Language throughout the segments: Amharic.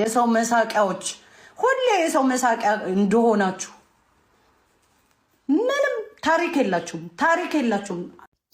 የሰው መሳቂያዎች ሁሌ የሰው መሳቂያ እንደሆናችሁ ምንም ታሪክ የላችሁም፣ ታሪክ የላችሁም።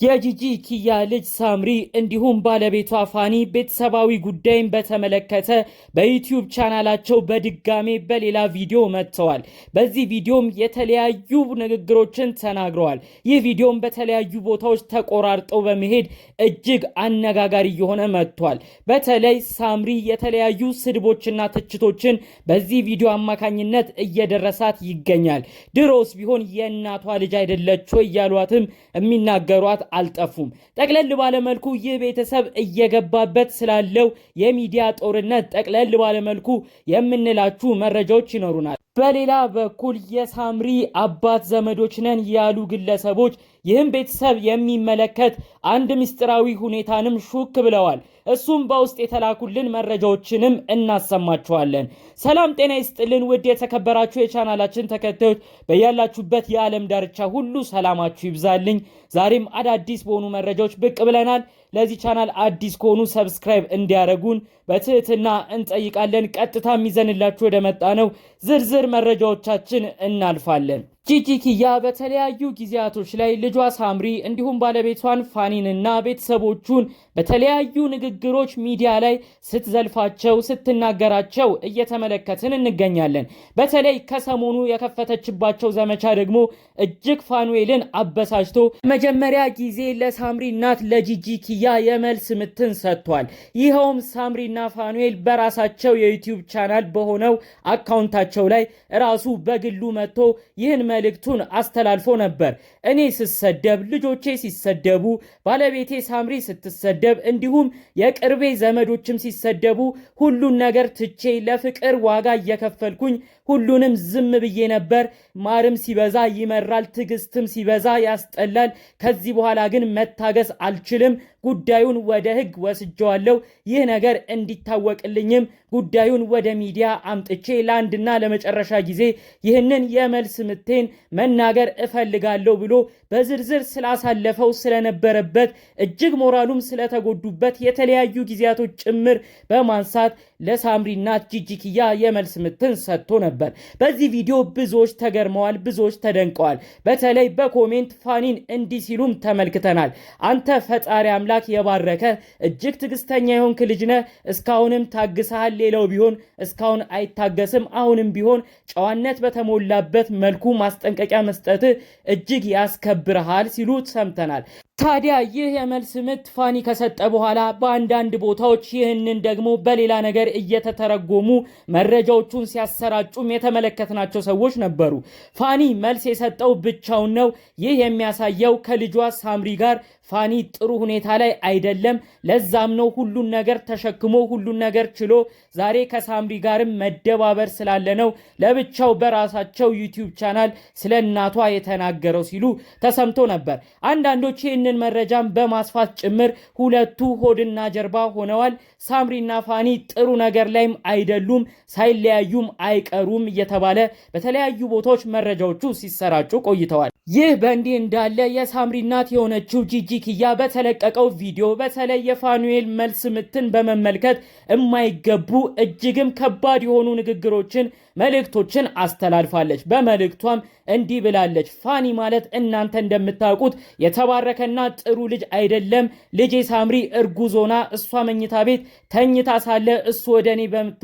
የጂጂ ኪያ ልጅ ሳምሪ እንዲሁም ባለቤቷ ፋኒ ቤተሰባዊ ጉዳይን በተመለከተ በዩቲዩብ ቻናላቸው በድጋሜ በሌላ ቪዲዮ መጥተዋል። በዚህ ቪዲዮም የተለያዩ ንግግሮችን ተናግረዋል። ይህ ቪዲዮም በተለያዩ ቦታዎች ተቆራርጠው በመሄድ እጅግ አነጋጋሪ እየሆነ መጥቷል። በተለይ ሳምሪ የተለያዩ ስድቦችና ትችቶችን በዚህ ቪዲዮ አማካኝነት እየደረሳት ይገኛል። ድሮስ ቢሆን የእናቷ ልጅ አይደለች እያሏትም የሚናገሯት ሰዓት አልጠፉም። ጠቅለል ባለመልኩ ይህ ቤተሰብ እየገባበት ስላለው የሚዲያ ጦርነት ጠቅለል ባለመልኩ የምንላችሁ መረጃዎች ይኖሩናል። በሌላ በኩል የሳምሪ አባት ዘመዶች ነን ያሉ ግለሰቦች ይህም ቤተሰብ የሚመለከት አንድ ምስጢራዊ ሁኔታንም ሹክ ብለዋል። እሱም በውስጥ የተላኩልን መረጃዎችንም እናሰማችኋለን። ሰላም ጤና ይስጥልን ውድ የተከበራችሁ የቻናላችን ተከታዮች በያላችሁበት የዓለም ዳርቻ ሁሉ ሰላማችሁ ይብዛልኝ። ዛሬም አዳዲስ በሆኑ መረጃዎች ብቅ ብለናል። ለዚህ ቻናል አዲስ ከሆኑ ሰብስክራይብ እንዲያደርጉን በትህትና እንጠይቃለን። ቀጥታ የሚዘንላችሁ ወደ መጣ ነው ዝርዝር መረጃዎቻችን እናልፋለን። ጂጂ ኪያ በተለያዩ ጊዜያቶች ላይ ልጇ ሳምሪ እንዲሁም ባለቤቷን ፋኒንና ቤተሰቦቹን በተለያዩ ንግግሮች ሚዲያ ላይ ስትዘልፋቸው ስትናገራቸው እየተመለከትን እንገኛለን። በተለይ ከሰሞኑ የከፈተችባቸው ዘመቻ ደግሞ እጅግ ፋኑኤልን አበሳጭቶ መጀመሪያ ጊዜ ለሳምሪ እናት ለጂጂ ኪያ የመልስ ምትን ሰጥቷል። ይኸውም ሳምሪና ፋኑኤል በራሳቸው የዩቲዩብ ቻናል በሆነው አካውንታቸው ላይ ራሱ በግሉ መጥቶ ይህን መልእክቱን አስተላልፎ ነበር። እኔ ስሰደብ፣ ልጆቼ ሲሰደቡ፣ ባለቤቴ ሳምሪ ስትሰደብ፣ እንዲሁም የቅርቤ ዘመዶችም ሲሰደቡ ሁሉን ነገር ትቼ ለፍቅር ዋጋ እየከፈልኩኝ ሁሉንም ዝም ብዬ ነበር። ማርም ሲበዛ ይመራል፣ ትዕግስትም ሲበዛ ያስጠላል። ከዚህ በኋላ ግን መታገስ አልችልም። ጉዳዩን ወደ ሕግ ወስጀዋለሁ። ይህ ነገር እንዲታወቅልኝም ጉዳዩን ወደ ሚዲያ አምጥቼ ለአንድና ለመጨረሻ ጊዜ ይህንን የመልስ ምቴ ግን መናገር እፈልጋለሁ ብሎ በዝርዝር ስላሳለፈው ስለነበረበት እጅግ ሞራሉም ስለተጎዱበት የተለያዩ ጊዜያቶች ጭምር በማንሳት ለሳምሪና ጂጂክያ የመልስ ምትን ሰጥቶ ነበር። በዚህ ቪዲዮ ብዙዎች ተገርመዋል፣ ብዙዎች ተደንቀዋል። በተለይ በኮሜንት ፋኒን እንዲህ ሲሉም ተመልክተናል። አንተ ፈጣሪ አምላክ የባረከ እጅግ ትዕግስተኛ የሆንክ ልጅ ነህ። እስካሁንም ታግሰሃል። ሌላው ቢሆን እስካሁን አይታገስም። አሁንም ቢሆን ጨዋነት በተሞላበት መልኩ ማ። ማስጠንቀቂያ መስጠት እጅግ ያስከብርሃል ሲሉ ሰምተናል። ታዲያ ይህ የመልስ ምት ፋኒ ከሰጠ በኋላ በአንዳንድ ቦታዎች ይህንን ደግሞ በሌላ ነገር እየተተረጎሙ መረጃዎቹን ሲያሰራጩም የተመለከትናቸው ሰዎች ነበሩ። ፋኒ መልስ የሰጠው ብቻውን ነው። ይህ የሚያሳየው ከልጇ ሳምሪ ጋር ፋኒ ጥሩ ሁኔታ ላይ አይደለም። ለዛም ነው ሁሉን ነገር ተሸክሞ ሁሉን ነገር ችሎ ዛሬ ከሳምሪ ጋርም መደባበር ስላለ ነው ለብቻው በራሳቸው ዩቲዩብ ቻናል ስለ እናቷ የተናገረው ሲሉ ተሰምቶ ነበር። አንዳንዶች ይህንን መረጃም በማስፋት ጭምር ሁለቱ ሆድና ጀርባ ሆነዋል። ሳምሪና ፋኒ ጥሩ ነገር ላይም አይደሉም፣ ሳይለያዩም አይቀሩም እየተባለ በተለያዩ ቦታዎች መረጃዎቹ ሲሰራጩ ቆይተዋል። ይህ በእንዲህ እንዳለ የሳምሪ እናት የሆነችው ጂጂ ኪያ በተለቀቀው ቪዲዮ በተለይ የፋኑኤል መልስ ምትን በመመልከት የማይገቡ እጅግም ከባድ የሆኑ ንግግሮችን፣ መልእክቶችን አስተላልፋለች። በመልእክቷም እንዲህ ብላለች። ፋኒ ማለት እናንተ እንደምታውቁት የተባረከና ጥሩ ልጅ አይደለም። ልጄ ሳምሪ እርጉዝ ሆና እሷ መኝታ ቤት ተኝታ ሳለ እሱ ወደ እኔ በምቶ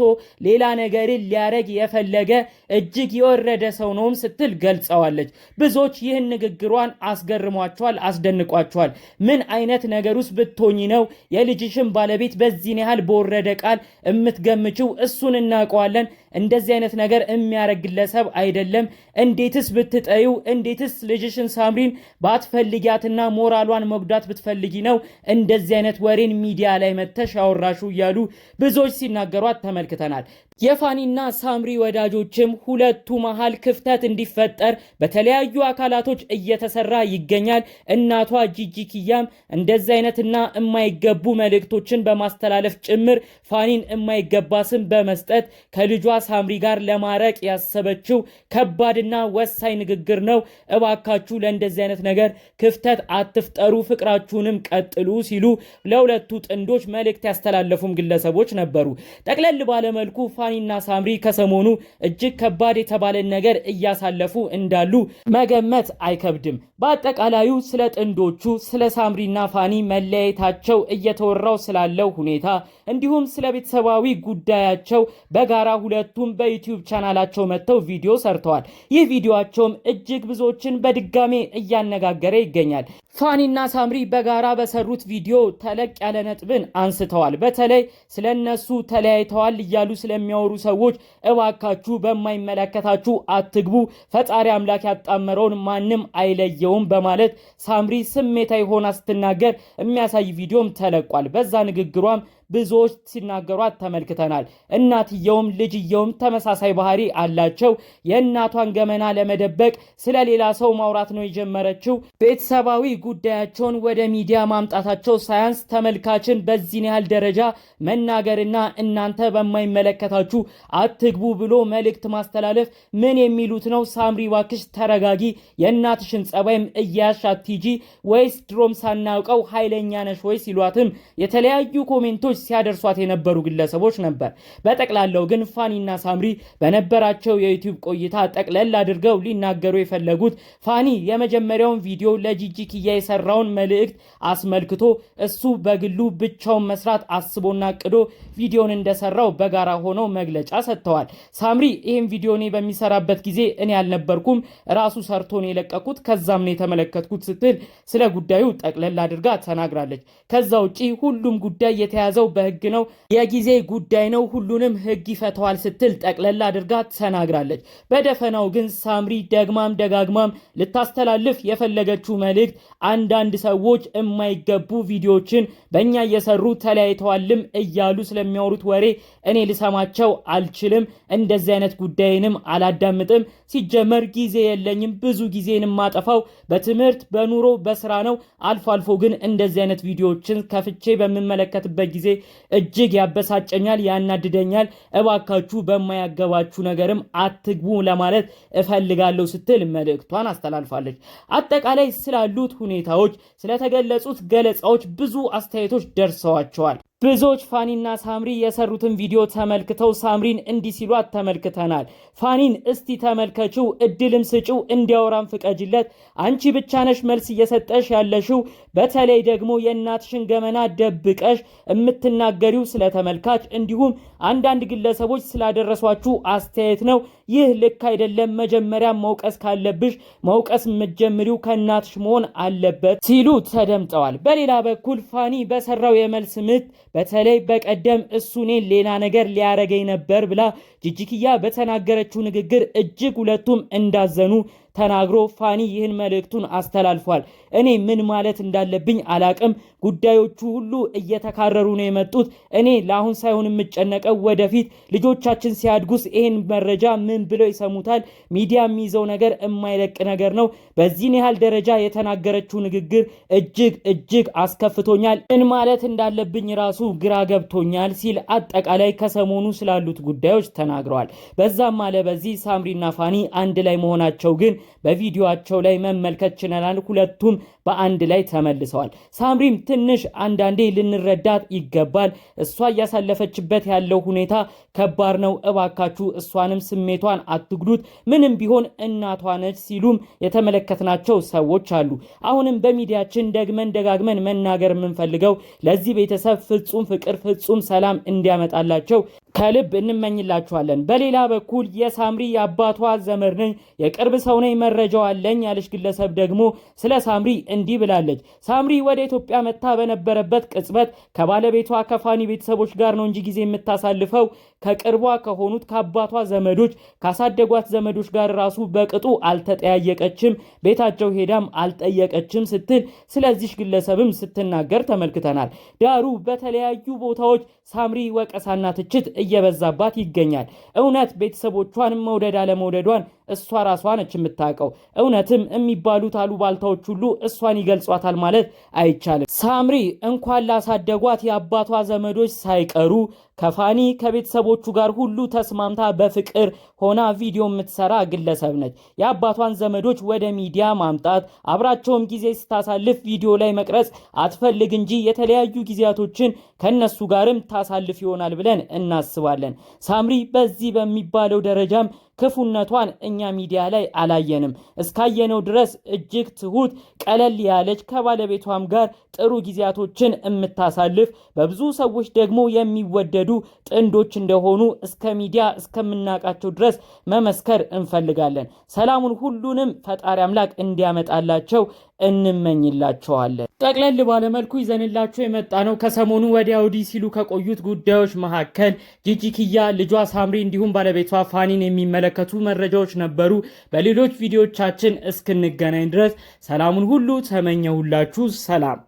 ሌላ ነገርን ሊያረግ የፈለገ እጅግ የወረደ ሰው ነውም ስትል ገልጸዋለች። ብዙዎች ይህ ይህን ንግግሯን አስገርሟቸዋል፣ አስደንቋቸዋል። ምን አይነት ነገር ውስጥ ብትሆኝ ነው የልጅሽን ባለቤት በዚህን ያህል በወረደ ቃል የምትገምችው? እሱን እናውቀዋለን እንደዚህ አይነት ነገር የሚያደርግ ግለሰብ አይደለም። እንዴትስ ብትጠዩ፣ እንዴትስ ልጅሽን ሳምሪን ባትፈልጊያትና ሞራሏን መጉዳት ብትፈልጊ ነው እንደዚህ አይነት ወሬን ሚዲያ ላይ መተሽ አወራሹ እያሉ ብዙዎች ሲናገሯት ተመልክተናል። የፋኒና ሳምሪ ወዳጆችም ሁለቱ መሃል ክፍተት እንዲፈጠር በተለያዩ አካላቶች እየተሰራ ይገኛል። እናቷ ጂጂ ኪያም እንደዚህ አይነትና የማይገቡ መልእክቶችን በማስተላለፍ ጭምር ፋኒን የማይገባ ስም በመስጠት ከልጇ ሳምሪ ጋር ለማረቅ ያሰበችው ከባድና ወሳኝ ንግግር ነው። እባካችሁ ለእንደዚህ አይነት ነገር ክፍተት አትፍጠሩ፣ ፍቅራችሁንም ቀጥሉ ሲሉ ለሁለቱ ጥንዶች መልእክት ያስተላለፉም ግለሰቦች ነበሩ። ጠቅለል ባለመልኩ ፋኒና ሳምሪ ከሰሞኑ እጅግ ከባድ የተባለን ነገር እያሳለፉ እንዳሉ መገመት አይከብድም። በአጠቃላዩ ስለ ጥንዶቹ ስለ ሳምሪና ፋኒ መለያየታቸው እየተወራው ስላለው ሁኔታ እንዲሁም ስለ ቤተሰባዊ ጉዳያቸው በጋራ ሁለቱ ሁለቱም በዩቲዩብ ቻናላቸው መጥተው ቪዲዮ ሰርተዋል። ይህ ቪዲዮቸውም እጅግ ብዙዎችን በድጋሜ እያነጋገረ ይገኛል። ፋኒና ሳምሪ በጋራ በሰሩት ቪዲዮ ተለቅ ያለ ነጥብን አንስተዋል። በተለይ ስለነሱ ተለያይተዋል እያሉ ስለሚያወሩ ሰዎች እባካችሁ በማይመለከታችሁ አትግቡ፣ ፈጣሪ አምላክ ያጣመረውን ማንም አይለየውም በማለት ሳምሪ ስሜታዊ ሆና ስትናገር የሚያሳይ ቪዲዮም ተለቋል። በዛ ንግግሯም ብዙዎች ሲናገሯት ተመልክተናል። እናትየውም ልጅየውም ተመሳሳይ ባህሪ አላቸው። የእናቷን ገመና ለመደበቅ ስለሌላ ሰው ማውራት ነው የጀመረችው ቤተሰባዊ ጉዳያቸውን ወደ ሚዲያ ማምጣታቸው ሳያንስ ተመልካችን በዚህን ያህል ደረጃ መናገርና እናንተ በማይመለከታችሁ አትግቡ ብሎ መልእክት ማስተላለፍ ምን የሚሉት ነው? ሳምሪ ባክሽ ተረጋጊ፣ የእናትሽን ጸባይም እያያሽ አትሂጂ፣ ወይስ ድሮም ሳናውቀው ኃይለኛ ነሽ ወይ ሲሏትም የተለያዩ ኮሜንቶች ሲያደርሷት የነበሩ ግለሰቦች ነበር። በጠቅላላው ግን ፋኒና ሳምሪ በነበራቸው የዩቲዩብ ቆይታ ጠቅለል አድርገው ሊናገሩ የፈለጉት ፋኒ የመጀመሪያውን ቪዲዮ ለጂጂ ክያ የሰራውን መልእክት አስመልክቶ እሱ በግሉ ብቻውን መስራት አስቦና ቅዶ ቪዲዮን እንደሰራው በጋራ ሆነው መግለጫ ሰጥተዋል። ሳምሪ ይህም ቪዲዮ እኔ በሚሰራበት ጊዜ እኔ አልነበርኩም ራሱ ሰርቶን የለቀቁት የለቀኩት ከዛም ነው የተመለከትኩት ስትል ስለ ጉዳዩ ጠቅለል አድርጋ ተናግራለች። ከዛ ውጪ ሁሉም ጉዳይ የተያዘው በህግ ነው፣ የጊዜ ጉዳይ ነው፣ ሁሉንም ህግ ይፈተዋል ስትል ጠቅለል አድርጋ ተናግራለች። በደፈናው ግን ሳምሪ ደግማም ደጋግማም ልታስተላልፍ የፈለገችው መልእክት አንዳንድ ሰዎች የማይገቡ ቪዲዮዎችን በእኛ እየሰሩ ተለያይተዋልም እያሉ ስለሚያወሩት ወሬ እኔ ልሰማቸው አልችልም። እንደዚህ አይነት ጉዳይንም አላዳምጥም። ሲጀመር ጊዜ የለኝም። ብዙ ጊዜን የማጠፋው በትምህርት፣ በኑሮ፣ በስራ ነው። አልፎ አልፎ ግን እንደዚህ አይነት ቪዲዮዎችን ከፍቼ በምመለከትበት ጊዜ እጅግ ያበሳጨኛል፣ ያናድደኛል። እባካችሁ በማያገባችሁ ነገርም አትግቡ ለማለት እፈልጋለሁ ስትል መልእክቷን አስተላልፋለች። አጠቃላይ ስላሉት ሁኔታዎች፣ ስለተገለጹት ገለጻዎች ብዙ አስተያየቶች ደርሰዋቸዋል። ብዙዎች ፋኒና ሳምሪ የሰሩትን ቪዲዮ ተመልክተው ሳምሪን እንዲህ ሲሏት ተመልክተናል። ፋኒን እስቲ ተመልከችው፣ እድልም ስጪው፣ እንዲያወራም ፍቀጅለት። አንቺ ብቻ ነሽ መልስ እየሰጠሽ ያለሽው። በተለይ ደግሞ የእናትሽን ገመና ደብቀሽ የምትናገሪው ስለተመልካች እንዲሁም አንዳንድ ግለሰቦች ስላደረሷችሁ አስተያየት ነው። ይህ ልክ አይደለም። መጀመሪያ መውቀስ ካለብሽ መውቀስ መጀመሪው ከእናትሽ መሆን አለበት ሲሉ ተደምጠዋል። በሌላ በኩል ፋኒ በሰራው የመልስ ምት በተለይ በቀደም እሱ እኔን ሌላ ነገር ሊያረገኝ ነበር ብላ ጅጅክያ በተናገረችው ንግግር እጅግ ሁለቱም እንዳዘኑ ተናግሮ ፋኒ ይህን መልእክቱን አስተላልፏል። እኔ ምን ማለት እንዳለብኝ አላቅም። ጉዳዮቹ ሁሉ እየተካረሩ ነው የመጡት። እኔ ለአሁን ሳይሆን የምጨነቀው ወደፊት ልጆቻችን ሲያድጉስ ይህን መረጃ ምን ብለው ይሰሙታል? ሚዲያ የሚይዘው ነገር የማይለቅ ነገር ነው። በዚህን ያህል ደረጃ የተናገረችው ንግግር እጅግ እጅግ አስከፍቶኛል። ምን ማለት እንዳለብኝ ራሱ ግራ ገብቶኛል ሲል አጠቃላይ ከሰሞኑ ስላሉት ጉዳዮች ተናግረዋል። በዛም አለ በዚህ ሳምሪና ፋኒ አንድ ላይ መሆናቸው ግን በቪዲዮቸው ላይ መመልከት ችለናል። ሁለቱም በአንድ ላይ ተመልሰዋል። ሳምሪም ትንሽ አንዳንዴ ልንረዳት ይገባል። እሷ እያሳለፈችበት ያለው ሁኔታ ከባድ ነው። እባካችሁ እሷንም ስሜቷን አትግዱት። ምንም ቢሆን እናቷ ነች ሲሉም የተመለከትናቸው ሰዎች አሉ። አሁንም በሚዲያችን ደግመን ደጋግመን መናገር የምንፈልገው ለዚህ ቤተሰብ ፍጹም ፍቅር፣ ፍጹም ሰላም እንዲያመጣላቸው ከልብ እንመኝላችኋለን። በሌላ በኩል የሳምሪ የአባቷ ዘመድ ነኝ፣ የቅርብ ሰው ነኝ፣ መረጃው አለኝ ያለች ግለሰብ ደግሞ ስለ ሳምሪ እንዲህ ብላለች። ሳምሪ ወደ ኢትዮጵያ መታ በነበረበት ቅጽበት ከባለቤቷ ከፋኒ ቤተሰቦች ጋር ነው እንጂ ጊዜ የምታሳልፈው ከቅርቧ ከሆኑት ከአባቷ ዘመዶች ካሳደጓት ዘመዶች ጋር ራሱ በቅጡ አልተጠያየቀችም፣ ቤታቸው ሄዳም አልጠየቀችም ስትል ስለዚህ ግለሰብም ስትናገር ተመልክተናል። ዳሩ በተለያዩ ቦታዎች ሳምሪ ወቀሳና ትችት እየበዛባት ይገኛል። እውነት ቤተሰቦቿን መውደድ አለመውደዷን እሷ ራሷ ነች የምታውቀው። እውነትም የሚባሉት አሉባልታዎች ሁሉ እሷን ይገልጿታል ማለት አይቻልም። ሳምሪ እንኳን ላሳደጓት የአባቷ ዘመዶች ሳይቀሩ ከፋኒ ከቤተሰቦቹ ጋር ሁሉ ተስማምታ በፍቅር ሆና ቪዲዮ የምትሰራ ግለሰብ ነች። የአባቷን ዘመዶች ወደ ሚዲያ ማምጣት፣ አብራቸውም ጊዜ ስታሳልፍ ቪዲዮ ላይ መቅረጽ አትፈልግ እንጂ የተለያዩ ጊዜያቶችን ከነሱ ጋርም ታሳልፍ ይሆናል ብለን እናስባለን። ሳምሪ በዚህ በሚባለው ደረጃም ክፉነቷን እኛ ሚዲያ ላይ አላየንም። እስካየነው ድረስ እጅግ ትሁት፣ ቀለል ያለች ከባለቤቷም ጋር ጥሩ ጊዜያቶችን የምታሳልፍ በብዙ ሰዎች ደግሞ የሚወደዱ ጥንዶች እንደሆኑ እስከ ሚዲያ እስከምናውቃቸው ድረስ መመስከር እንፈልጋለን። ሰላሙን ሁሉንም ፈጣሪ አምላክ እንዲያመጣላቸው እንመኝላቸዋለን። ጠቅለል ባለመልኩ ይዘንላቸው የመጣ ነው። ከሰሞኑ ወዲያ ወዲህ ሲሉ ከቆዩት ጉዳዮች መካከል ጂጂ ኪያ፣ ልጇ ሳምሪ እንዲሁም ባለቤቷ ፋኒን የሚመለከቱ መረጃዎች ነበሩ። በሌሎች ቪዲዮቻችን እስክንገናኝ ድረስ ሰላሙን ሁሉ ተመኘሁላችሁ። ሰላም